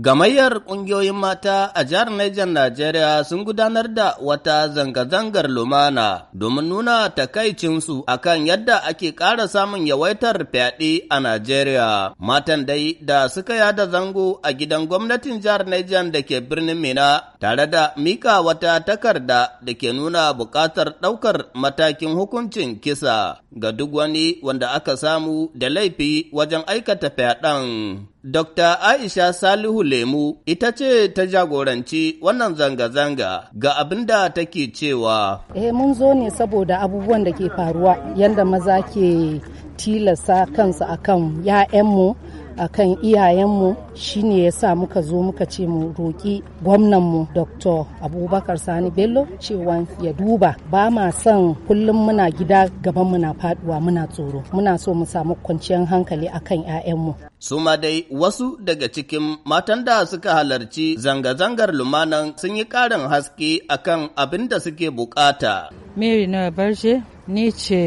Gamayyar ƙungiyoyin mata a jihar Niger Najeriya sun gudanar da wata zanga-zangar lumana domin nuna takaicinsu akan yadda ake ƙara samun yawaitar fyaɗe a Najeriya. Matan dai da suka yada zango a gidan gwamnatin jihar Niger da ke birnin Mina tare da mika wata takarda da ke nuna buƙatar ɗaukar matakin hukuncin kisa ga duk wani wanda aka samu da laifi wajen aikata fyaɗen. Dr. Aisha Salihu Lemu ita ce ta jagoranci wannan zanga-zanga ga abin da take cewa. Eh mun zo ne saboda abubuwan da ke faruwa yadda maza ke tilasta kansu akan 'ya'yanmu akan iyayenmu shi ne ya sa muka zo muka ce mu roƙi gwamnanmu dr abubakar sani bello cewa ya duba ba ma son kullum muna gida gaban muna faduwa muna tsoro muna so mu samu kwanciyar hankali akan 'ya'yanmu su ma dai wasu daga cikin matan da suka halarci zanga-zangar lumanan sun yi ƙarin haske akan abin da suke bukata mary na barshe ni ce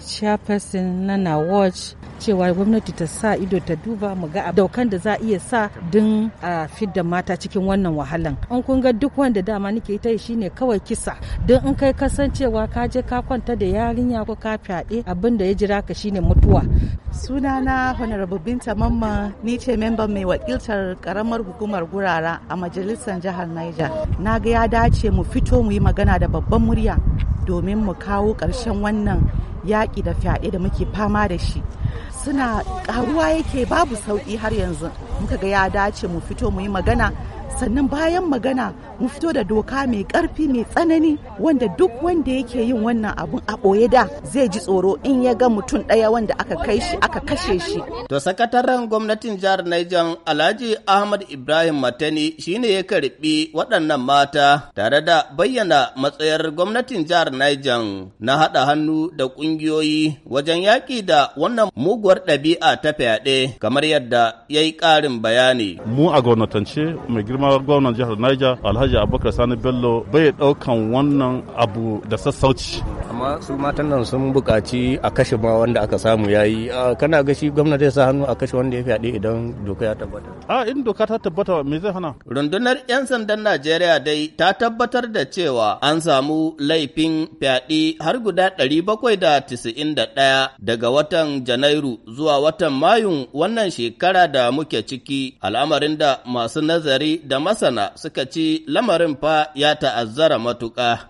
chairperson na na cewa gwamnati ta sa ido ta duba mu ga daukan da za a iya sa din a da mata cikin wannan wahalan an kun ga duk wanda dama nake ta shine kawai kisa don in kai kasancewa ka je ka kwanta da yarinya ko ka fyaɗe abin da ya jira ka shine mutuwa sunana honorable binta mamma ni ce memba mai wakiltar karamar hukumar gurara a majalisar jihar niger na ga ya dace mu fito mu yi magana da babban murya domin mu kawo ƙarshen wannan yaƙi da fyaɗe da muke fama da shi suna ƙaruwa yake babu sauƙi har yanzu muka ga ya dace mu fito mu yi magana sannan bayan magana mu fito da doka mai ƙarfi mai tsanani wanda duk wanda yake yin wannan abun a ɓoye da zai ji tsoro in ya ga mutum ɗaya wanda aka kai shi aka kashe shi To sakataren gwamnatin jihar Niger Alhaji Ahmad Ibrahim Matani shine ya karbi waɗannan mata tare da bayyana matsayar gwamnatin jihar Niger na haɗa hannu da ƙungiyoyi wajen yaƙi da wannan muguwar ɗabi'a ta fyaɗe kamar yadda ya yi ƙarin bayani. Mu a gwamnatance mai girma gwamnan jihar Niger Alhaji Abubakar Sani Bello bai ɗaukan wannan abu da sassauci amma su matan nan sun buƙaci a kashe ma wanda aka samu ya yi kana ga shi gwamnati zai sa hannu a kashe wanda ya fyaɗe idan doka ya tabbata a in doka ta tabbata me zai hana rundunar yan sandan najeriya dai ta tabbatar da cewa an samu laifin fyaɗe har guda ɗari bakwai da tisa'in da ɗaya daga watan janairu zuwa watan mayun wannan shekara da muke ciki al'amarin da masu nazari da masana suka ci lamarin fa ya ta'azzara matuƙa